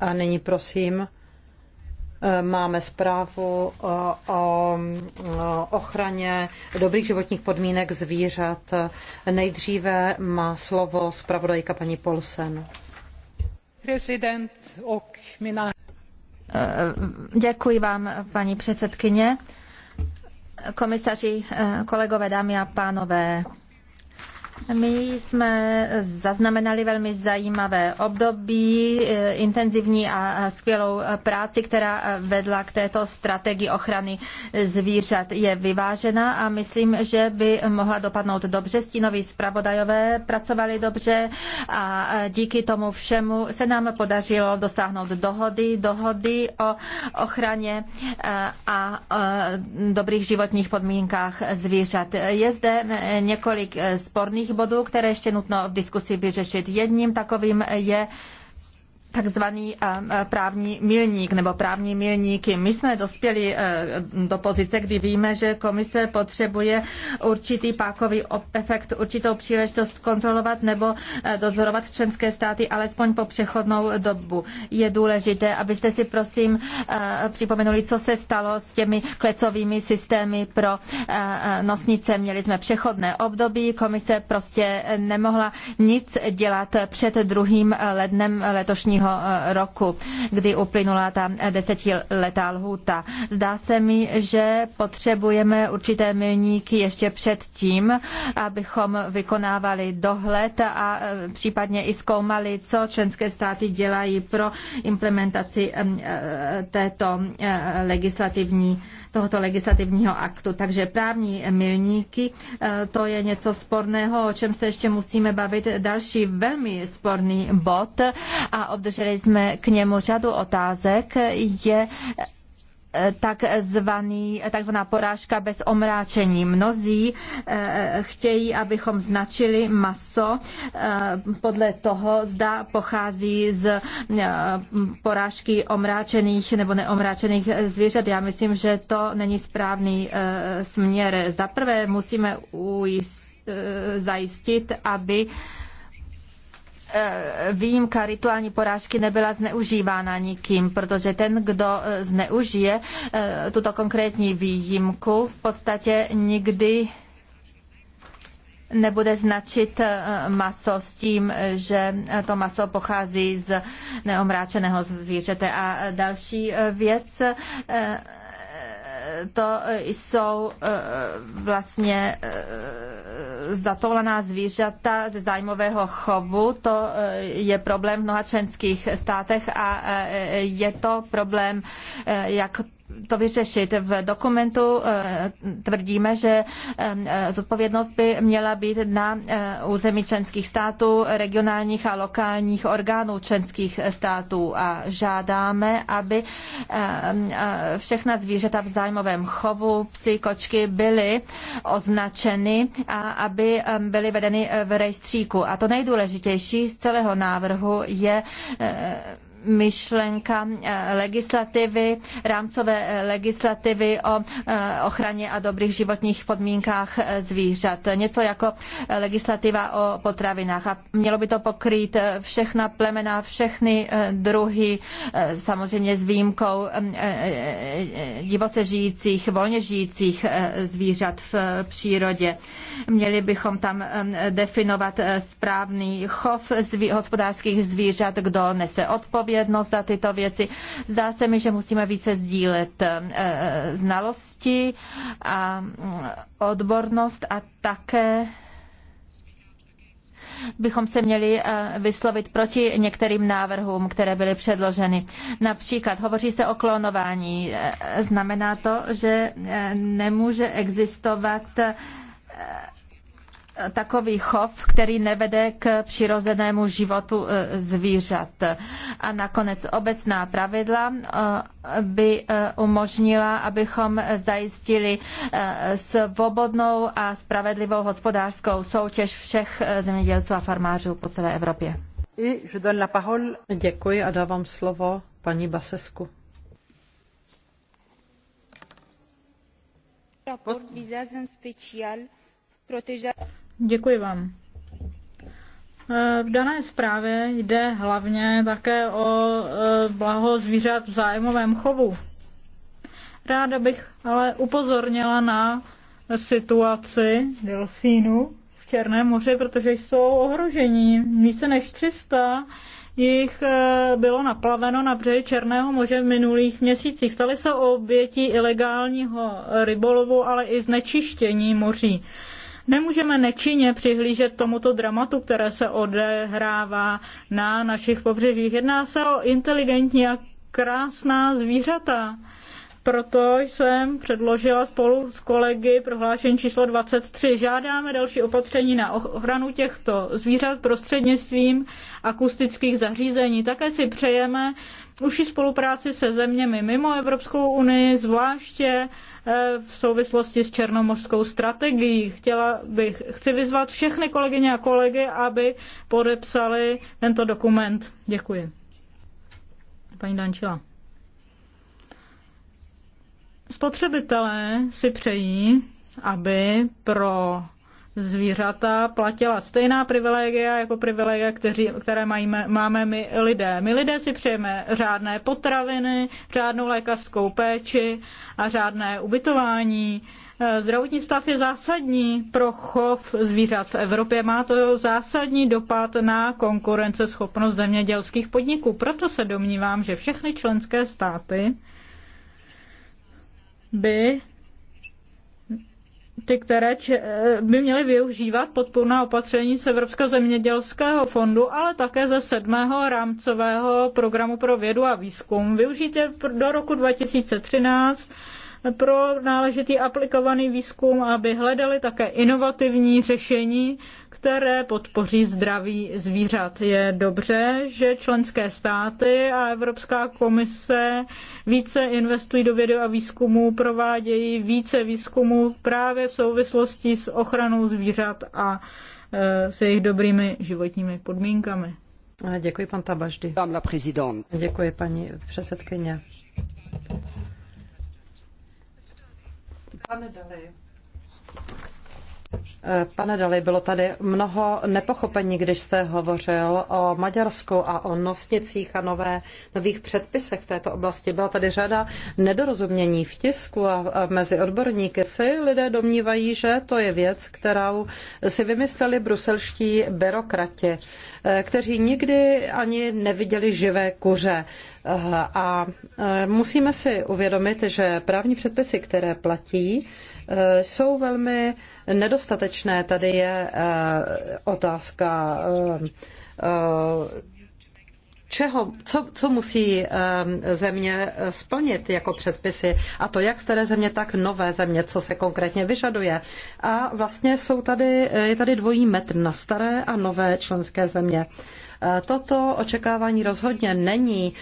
A nyní prosím, eh, máme zprávu eh, o, eh, ochraně dobrých životních podmínek zvířat. Nejdříve má slovo zpravodajka paní Polsen. Děkuji vám, paní předsedkyně. Komisaři, kolegové, dámy a pánové, my jsme zaznamenali velmi zajímavé období, eh, intenzivní a skvělou eh, práci, která eh, vedla k této strategii ochrany zvířat. Je vyvážena a myslím, že by mohla dopadnout dobře. Stínoví zpravodajové pracovali dobře a díky tomu všemu se nám podařilo dosáhnout dohody, dohody o ochraně a dobrých životních podmínkách zvířat. Je zde několik sporných bodů, které ještě nutno v diskusi vyřešit. Jedním takovým je takzvaný eh, eh, právní milník nebo právní milníky. My jsme dospěli eh, do pozice, kdy víme, že komise potřebuje určitý pákový efekt, určitou příležitost kontrolovat nebo dozorovat členské státy alespoň po přechodnou dobu. Je důležité, abyste si prosím připomenuli, co se stalo s těmi klecovými systémy pro nosnice. Měli jsme přechodné období, komise prostě nemohla nic dělat před druhým lednem letošního letošního eh, roku, kdy uplynula ta desetiletá lhůta. Zdá se mi, že potřebujeme určité milníky ještě před tím, abychom vykonávali dohled a eh, případně i zkoumali, co členské státy dělají pro implementaci eh, této legislativní tohoto legislativního aktu. Takže právní milníky, eh, to je něco sporného, o čem se ještě musíme bavit. Další velmi sporný bod a obdrželi jsme k němu řadu otázek, je takzvaný, takzvaná porážka bez omráčení. Mnozí eh, chtějí, abychom značili maso eh, podle toho, zda pochází z eh, porážky omráčených nebo neomráčených zvířat. Já myslím, že to není správný směr. Zaprvé musíme ujist, zajistit, aby Eh, výjimka rituální porážky nebyla zneužívána nikým, protože ten, kdo eh, zneužije eh, tuto konkrétní výjimku, v podstatě nikdy nebude značit maso s tím, že to maso pochází z neomráčeného zvířete. A další věc, to jsou vlastně zatoulaná zvířata ze zájmového chovu, to eh, je problém v mnoha členských státech a eh, je to problém, eh, jak to vyřešit. V dokumentu eh, tvrdíme, že eh, zodpovědnost by měla být na eh, území členských států, regionálních a lokálních orgánů členských států a žádáme, aby všechna zvířata v zájmovém chovu, psy, kočky byly označeny a aby byly vedeny v rejstříku. A to nejdůležitější z celého návrhu je myšlenka eh, legislativy, rámcové eh, legislativy o eh, ochraně a dobrých životních podmínkách zvířat. Něco jako legislativa o potravinách. A mělo by to pokrýt všechna plemena, všechny druhy, samozřejmě s výjimkou divoce žijících, volně žijících zvířat v přírodě. Měli bychom tam definovat správný chov hospodářských zvířat, kdo nese odpovědnost odpovědnost za tyto věci. Zdá se mi, že musíme více sdílet eh, eh, znalosti a mm, odbornost a také bychom se měli eh, vyslovit proti některým návrhům, které byly předloženy. Například hovoří se o klonování. Znamená to, že nemůže existovat takový chov, který nevede k přirozenému životu e, zvířat. A nakonec obecná pravidla e, by e, umožnila, abychom zajistili svobodnou a spravedlivou hospodářskou soutěž všech zemědělců a farmářů po celé Evropě. Děkuji a dávám slovo paní Basesku. Raport vizează în special protejarea Děkuji vám. E, v dané zprávě jde hlavně také o e, blaho zvířat v zájmovém chovu. Ráda bych ale upozornila na situaci delfínů v Černém moři, protože jsou ohrožení. Více než 300 jich e, bylo naplaveno na břehy Černého moře v minulých měsících. Staly se obětí ilegálního rybolovu, ale i znečištění moří. Nemůžeme nečinně přihlížet tomuto dramatu, které se odehrává na našich pobřežích. Jedná se o inteligentní a krásná zvířata. Proto jsem předložila spolu s kolegy prohlášení číslo 23. Žádáme další opatření na ochranu těchto zvířat prostřednictvím akustických zařízení. Také si přejeme užší spolupráci se zeměmi mimo Evropskou unii, zvláště Eh, v souvislosti s černomořskou strategií. Chtěla bych, chci vyzvat všechny kolegyně a kolegy, aby podepsali tento dokument. Děkuji. Paní Dančila. Spotřebitelé si přejí, aby pro zvířata platila stejná privilegia jako privilegia, kteří, které mají, máme my lidé. My lidé si přejeme řádné potraviny, řádnou lékařskou péči a řádné ubytování. Eh, zdravotní stav je zásadní pro chov zvířat v Evropě. Má to zásadní dopad na konkurenceschopnost zemědělských podniků. Proto se domnívám, že všechny členské státy by ty, které by měly využívat podpůrná opatření z Evropského zemědělského fondu, ale také ze sedmého rámcového programu pro vědu a výzkum. Využijte do roku 2013 pro náležitý aplikovaný výzkum, aby hledali také inovativní řešení, které podpoří zdraví zvířat. Je dobře, že členské státy a Evropská komise více investují do vědy a výzkumu, provádějí více výzkumu právě v souvislosti s ochranou zvířat a e, s jejich dobrými životními podmínkami. Děkuji, pan Tabaždy. Děkuji, paní předsedkyně. Pane Dali. Eh, pane Dali, bylo tady mnoho nepochopení, když jste hovořil o Maďarsku a o nosnicích a nové, nových předpisech v této oblasti. Byla tady řada nedorozumění v tisku a mezi odborníky si lidé domnívají, že to je věc, kterou si vymysleli bruselští byrokrati, eh, kteří nikdy ani neviděli živé kuře. Eh, a eh, musíme si uvědomit, že právní předpisy, které platí, eh, jsou velmi nedostatečné. Tady je otázka čeho, co, co musí ehm, země eh, splnit jako předpisy, a to jak staré země, tak nové země, co se konkrétně vyžaduje. A vlastně jsou tady, eh, je tady dvojí metr na staré a nové členské země. Eh, toto očekávání rozhodně není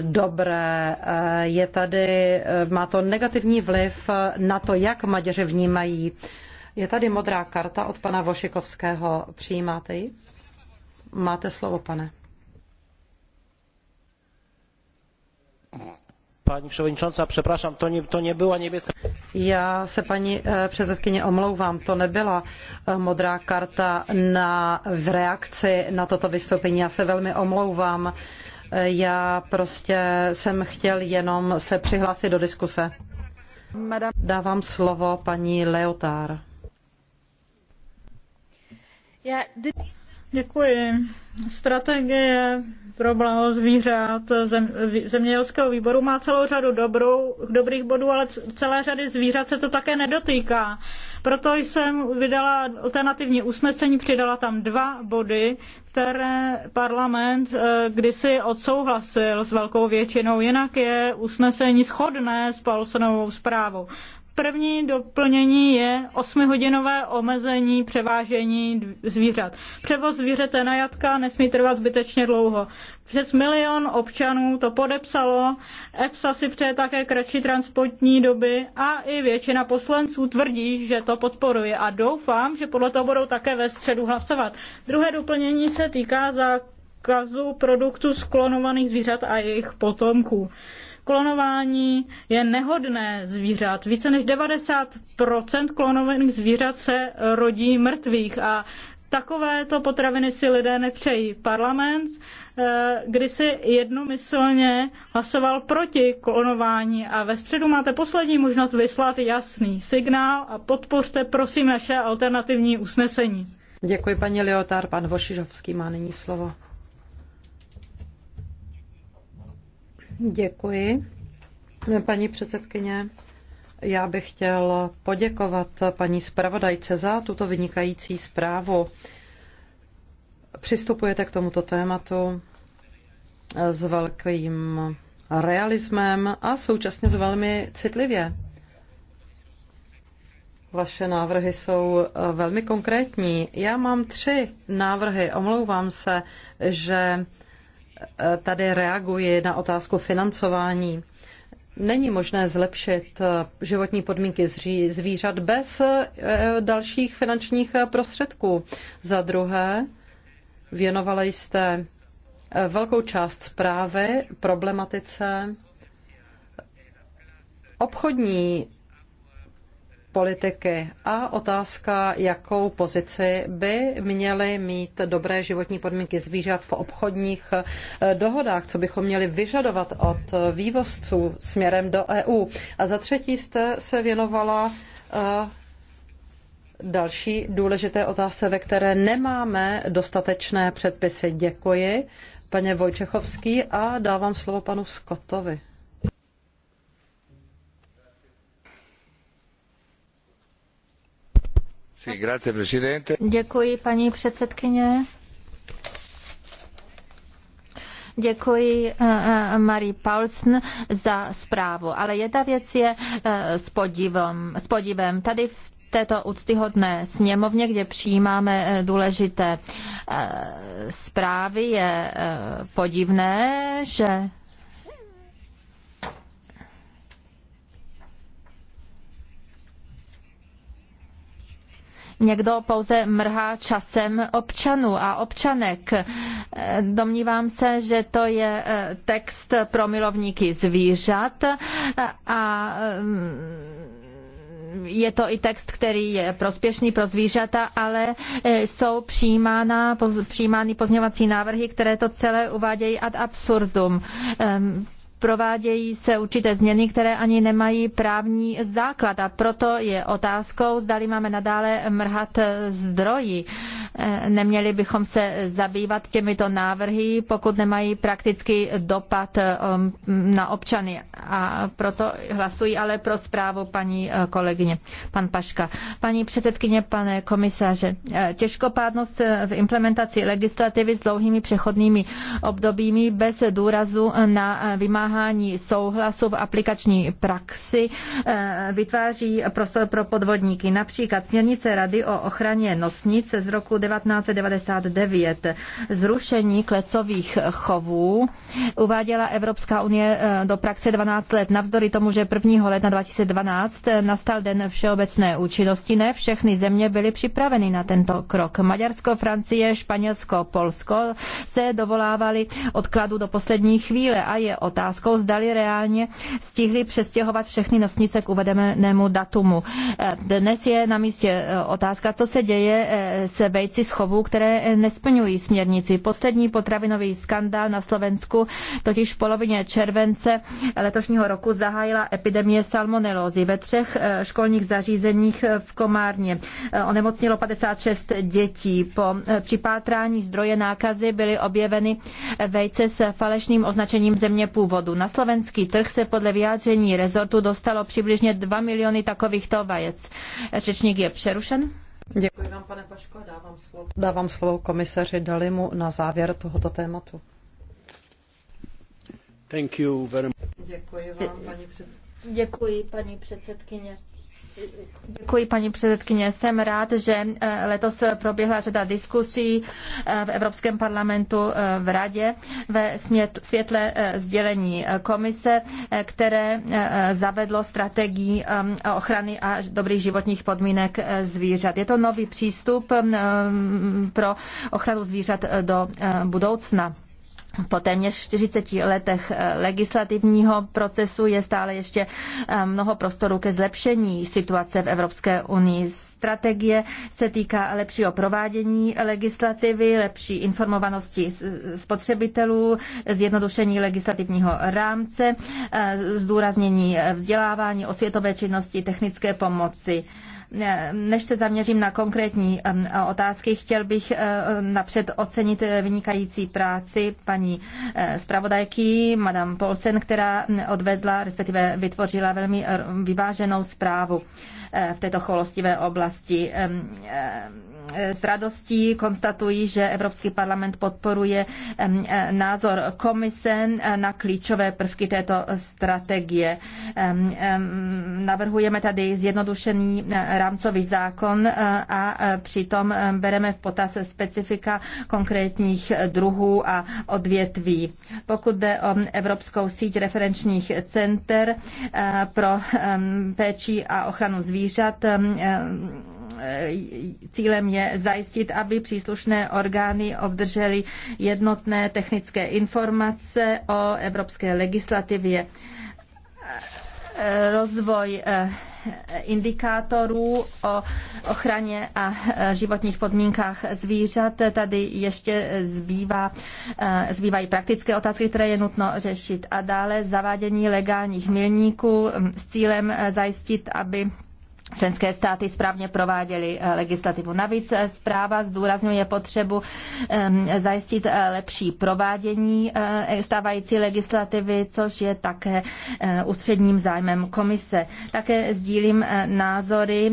dobré. Je tady, má to negativní vliv na to, jak Maďaři vnímají. Je tady modrá karta od pana Vošikovského. Přijímáte ji? Máte slovo, pane. Paní předsedkyně, přepraszam, to nie, to nie byla Já se paní eh, předsedkyně omlouvám, to nebyla eh, modrá karta na, v reakci na toto vystoupení. Já se velmi omlouvám. Eh, já prostě jsem chtěl jenom se přihlásit do diskuse. Dávám slovo paní Leotár. Děkuji. Strategie pro blaho zvířat zem, zemědělského výboru má celou řadu dobrou, dobrých bodů, ale celé řady zvířat se to také nedotýká. Proto jsem vydala alternativní usnesení, přidala tam dva body, které parlament eh, kdysi odsouhlasil s velkou většinou, jinak je usnesení shodné s Paulsonovou zprávou. První doplnění je osmihodinové omezení převážení zvířat. Převoz zvířete na jatka nesmí trvat zbytečně dlouho. Přes milion občanů to podepsalo, EFSA si přeje také kratší transportní doby a i většina poslanců tvrdí, že to podporuje a doufám, že podle toho budou také ve středu hlasovat. Druhé doplnění se týká zákazu produktů sklonovaných zvířat a jejich potomků klonování je nehodné zvířat. Více než 90% klonovaných zvířat se rodí mrtvých a takovéto potraviny si lidé nepřejí. Parlament eh, kdysi jednomyslně hlasoval proti klonování a ve středu máte poslední možnost vyslat jasný signál a podpořte prosím naše alternativní usnesení. Děkuji paní Liotár, pan Vošižovský má nyní slovo. Děkuji. Paní předsedkyně, já bych chtěl poděkovat paní zpravodajce za tuto vynikající zprávu. Přistupujete k tomuto tématu s velkým realismem a současně s velmi citlivě. Vaše návrhy jsou velmi konkrétní. Já mám tři návrhy. Omlouvám se, že tady reaguji na otázku financování. Není možné zlepšit životní podmínky zvířat bez eh, dalších finančních eh, prostředků. Za druhé, věnovala jste eh, velkou část zprávy problematice obchodní politiky a otázka, jakou pozici by měly mít dobré životní podmínky zvířat v obchodních eh, dohodách, co bychom měli vyžadovat od vývozců směrem do EU. A za třetí jste se věnovala eh, další důležité otázce, ve které nemáme dostatečné předpisy. Děkuji, paně Vojčechovský, a dávám slovo panu Skotovi. Děkuji, paní předsedkyně. Děkuji eh, eh, Marie Paulsen za zprávu. Ale jedna věc je eh, s podívem. S podívem. Tady v této úctyhodné sněmovně, kde přijímáme důležité zprávy, je podivné, že někdo pouze mrhá časem občanů a občanek. E, domnívám se, že to je e, text pro milovníky zvířat e, a je to i text, který je prospěšný pro zvířata, ale jsou přijímána, přijímány pozměňovací návrhy, které to celé uvádějí ad absurdum provádějí se určité změny, které ani nemají právní základ a proto je otázkou, zdali máme nadále mrhat zdroji Eh, neměli bychom se zabývat těmito návrhy, pokud nemají praktický dopad eh, um, na občany. A proto hlasuji ale pro zprávu paní eh, kolegyně, pan Paška. Paní předsedkyně, pane komisaře, těžkopádnost v implementaci legislativy s dlouhými přechodnými obdobími bez důrazu na vymáhání souhlasu v aplikační praxi vytváří prostor pro podvodníky. Například směrnice Rady o ochraně nosnic z roku 1999. Zrušení klecových chovů uváděla Evropská unie eh, do praxe 12 let. Navzdory tomu, že 1. ledna 2012 eh, nastal den všeobecné účinnosti, ne všechny země byly připraveny na tento krok. Maďarsko, Francie, Španělsko, Polsko se dovolávali odkladu do poslední chvíle a je otázkou, zdali reálně stihli přestěhovat všechny nosnice k uvedenému datumu. Eh, dnes je na místě otázka, co se děje se vejci vejci z chovů, které eh, nesplňují směrnici. Poslední potravinový skandál na Slovensku totiž v polovině července letošního roku zahájila epidemie salmonelózy ve třech eh, školních zařízeních eh, v Komárně. Onemocnilo 56 dětí. Po připátrání zdroje nákazy byly objeveny vejce s falešným označením země původu. Na slovenský trh se podle vyjádření rezortu dostalo přibližně 2 miliony takovýchto vajec. Řečník je přerušen. Děkuji vám, pane Paško, dávám slovo, dávám slovo komisaři Dalimu na závěr tohoto tématu. Thank you very much. Děkuji vám, paní předsedkyně. Děkuji, paní předsedkyně. Děkuji, paní předsedkyně. Jsem rád, že eh, letos proběhla řada diskusí eh, v Evropském parlamentu eh, v Radě ve světle sdělení komise, které zavedlo strategii ochrany a dobrých životních podmínek zvířat. Je to nový přístup pro ochranu zvířat do budoucna po téměř 40 letech eh, legislativního procesu je stále ještě eh, mnoho prostoru ke zlepšení situace v Evropské unii. Strategie se týká lepšího provádění legislativy, lepší informovanosti spotřebitelů, zjednodušení legislativního rámce, eh, zdůraznění vzdělávání, osvětové činnosti, technické pomoci. Eh, než se zaměřím na konkrétní eh, otázky, chtěl bych eh, napřed ocenit vynikající práci paní zpravodajky, madame Polsen, která hm, odvedla, respektive vytvořila velmi vyváženou zprávu v této cholostivé oblasti. Eh, s radostí konstatuji, že Evropský parlament podporuje eh, názor komise eh, na klíčové prvky této strategie. Navrhujeme tady zjednodušený rámcový zákon a přitom bereme v potaz specifika konkrétních druhů a odvětví. Pokud jde o Evropskou síť referenčních center pro péči a ochranu zvířat, Eh, cílem je zajistit, aby příslušné orgány obdržely jednotné technické informace o evropské legislativě. Eh, rozvoj eh, indikátorů o ochraně a životních podmínkách zvířat. Tady ještě zbývá, zbývají praktické otázky, které je nutno řešit. A dále zavádění legálních milníků hm, s cílem zajistit, aby členské státy správně prováděly eh, legislativu. Navíc eh, zpráva zdůrazňuje potřebu ehm, zajistit eh, lepší provádění stávající legislativy, což je také ústředním zájmem komise. Také sdílím názory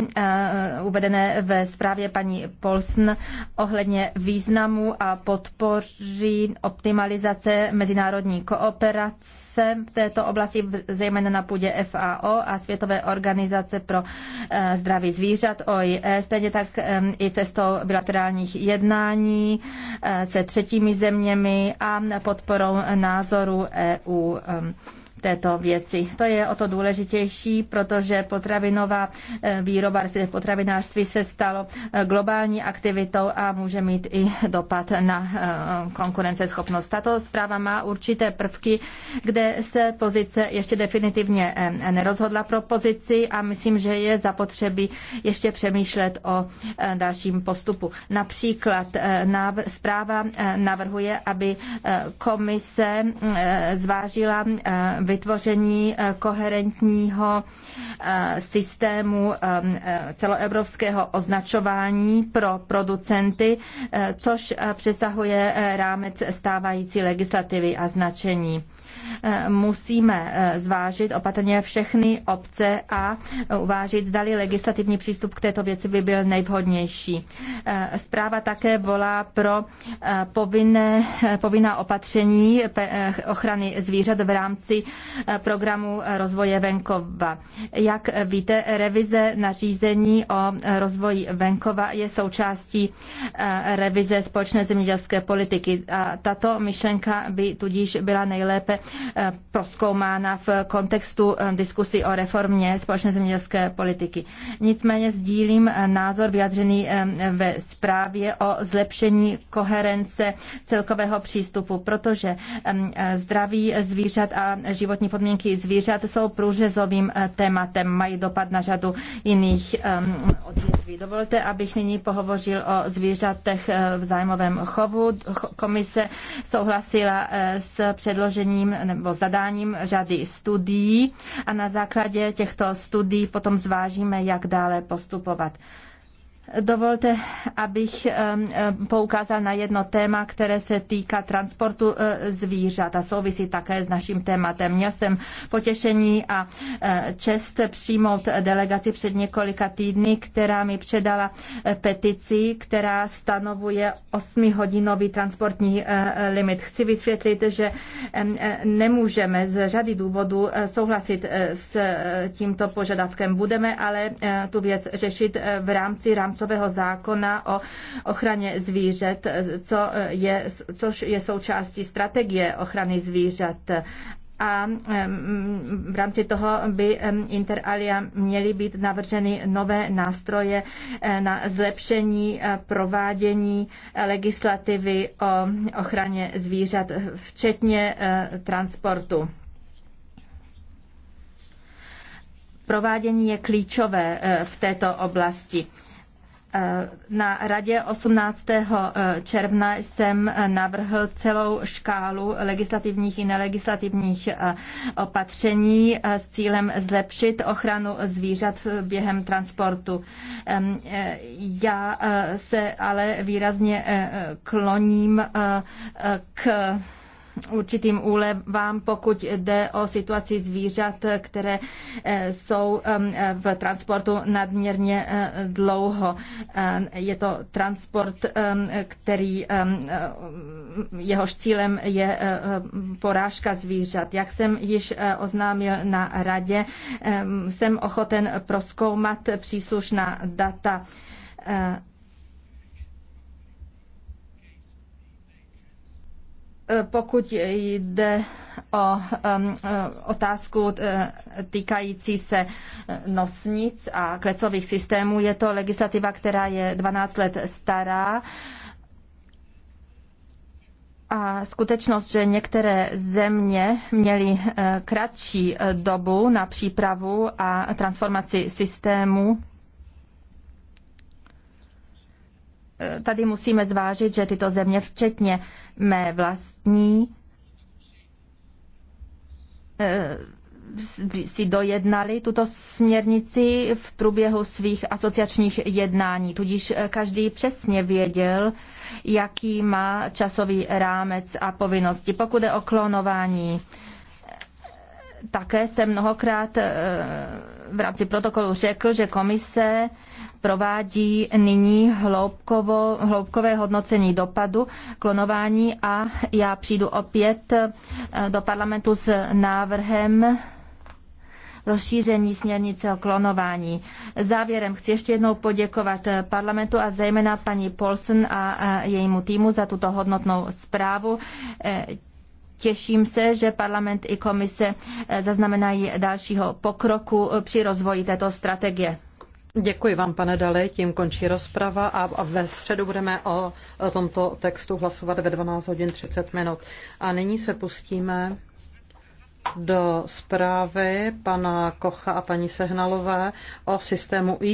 uvedené ve zprávě paní Polsn ohledně významu a podpoří optimalizace mezinárodní kooperace se v této oblasti, zejména na půdě FAO a Světové organizace pro eh, zdraví zvířat, OIE, stejně tak eh, i cestou bilaterálních jednání eh, se třetími zeměmi a podporou názoru EU této věci. To je o to důležitější, protože potravinová eh, výroba, potravinářství se stalo eh, globální aktivitou a může mít i dopad na eh, konkurenceschopnost. Tato zpráva má určité prvky, kde se pozice ještě definitivně nerozhodla pro pozici a myslím, že je zapotřebí ještě přemýšlet o dalším postupu. Například zpráva navrhuje, aby komise zvážila vytvoření eh, koherentního eh, systému eh, celoevropského označování pro producenty, což přesahuje rámec stávající legislativy a značení. Musíme zvážit opatrně všechny obce a uvážit, zdali legislativní přístup k této věci by byl nejvhodnější. Zpráva také volá pro povinné, povinná opatření ochrany zvířat v rámci Eh, programu rozvoje venkova. Jak víte, revize nařízení o rozvoji venkova je součástí eh, revize společné zemědělské politiky. A tato myšlenka by tudíž byla nejlépe eh, proskoumána v kontextu diskusy o reformě společné zemědělské politiky. Nicméně sdílím názor vyjadřený ve zprávě o zlepšení koherence celkového přístupu, protože zdraví zvířat a život životní podmínky zvířat jsou průřezovým eh, tématem, mají dopad na řadu jiných ehm, odvětví. Dovolte, abych nyní pohovořil o zvířatech eh, v zájmovém chovu. Komise souhlasila eh, s předložením nebo zadáním řady studií a na základě těchto studií potom zvážíme, jak dále postupovat. Dovolte, abych poukázal na jedno téma, které se týká transportu e, zvířat a souvisí také s naším tématem. Měl jsem potěšení a e, čest přijmout delegaci před několika týdny, která mi předala e, petici, která stanovuje 8-hodinový transportní limit. Chci vysvětlit, že nemůžeme z řady důvodů souhlasit s tímto požadavkem. Budeme ale tu věc řešit v rámci rámce rámcového zákona o ochraně zvířat, co je, což je součástí strategie ochrany zvířat a mm, v rámci toho by mm, inter alia měly být navrženy nové nástroje eh, na zlepšení eh, provádění eh, legislativy o ochraně zvířat, včetně transportu. Provádění je klíčové v této oblasti. Eh, na radě 18. Eh, června jsem eh, navrhl celou škálu legislativních i nelegislativních opatření s cílem zlepšit ochranu zvířat během transportu. Já se ale výrazně kloním k určitým úlevám, pokud jde o situaci zvířat, které eh, jsou v transportu nadměrně eh, dlouho. Eh, je to transport, který jehož cílem je porážka zvířat. Jak jsem již oznámil na radě, jsem ochoten proskoumat příslušná data Eh, pokud jde o um, otázku eh, týkající se nosnic a klecových systémů, je to legislativa, která je 12 let stará. A skutečnost, že některé země měly kratší dobu na přípravu a transformaci systému, Eh, tady musíme zvážit, že tyto země, včetně mé vlastní, eh, si dojednali tuto směrnici v průběhu svých asociačních jednání. Tudíž eh, každý přesně věděl, jaký má časový rámec a povinnosti. Pokud je o klonování, také se mnohokrát v rámci protokolu řekl, že komise provádí nyní hloubkovo, hloubkové hodnocení dopadu klonování a já přijdu opět eh, do parlamentu s návrhem rozšíření směrnice o klonování. Závěrem chci ještě jednou poděkovat eh, parlamentu a zejména paní Polson a eh, jejímu týmu za tuto hodnotnou zprávu. Těším se, že parlament i komise eh, zaznamenají dalšího pokroku eh, při rozvoji této strategie. Děkuji vám, pane Dali, tím končí rozprava a ve středu budeme o tomto textu hlasovat ve 12 hodin 30 minut. A nyní se pustíme do zprávy pana Kocha a paní Sehnalové o systému e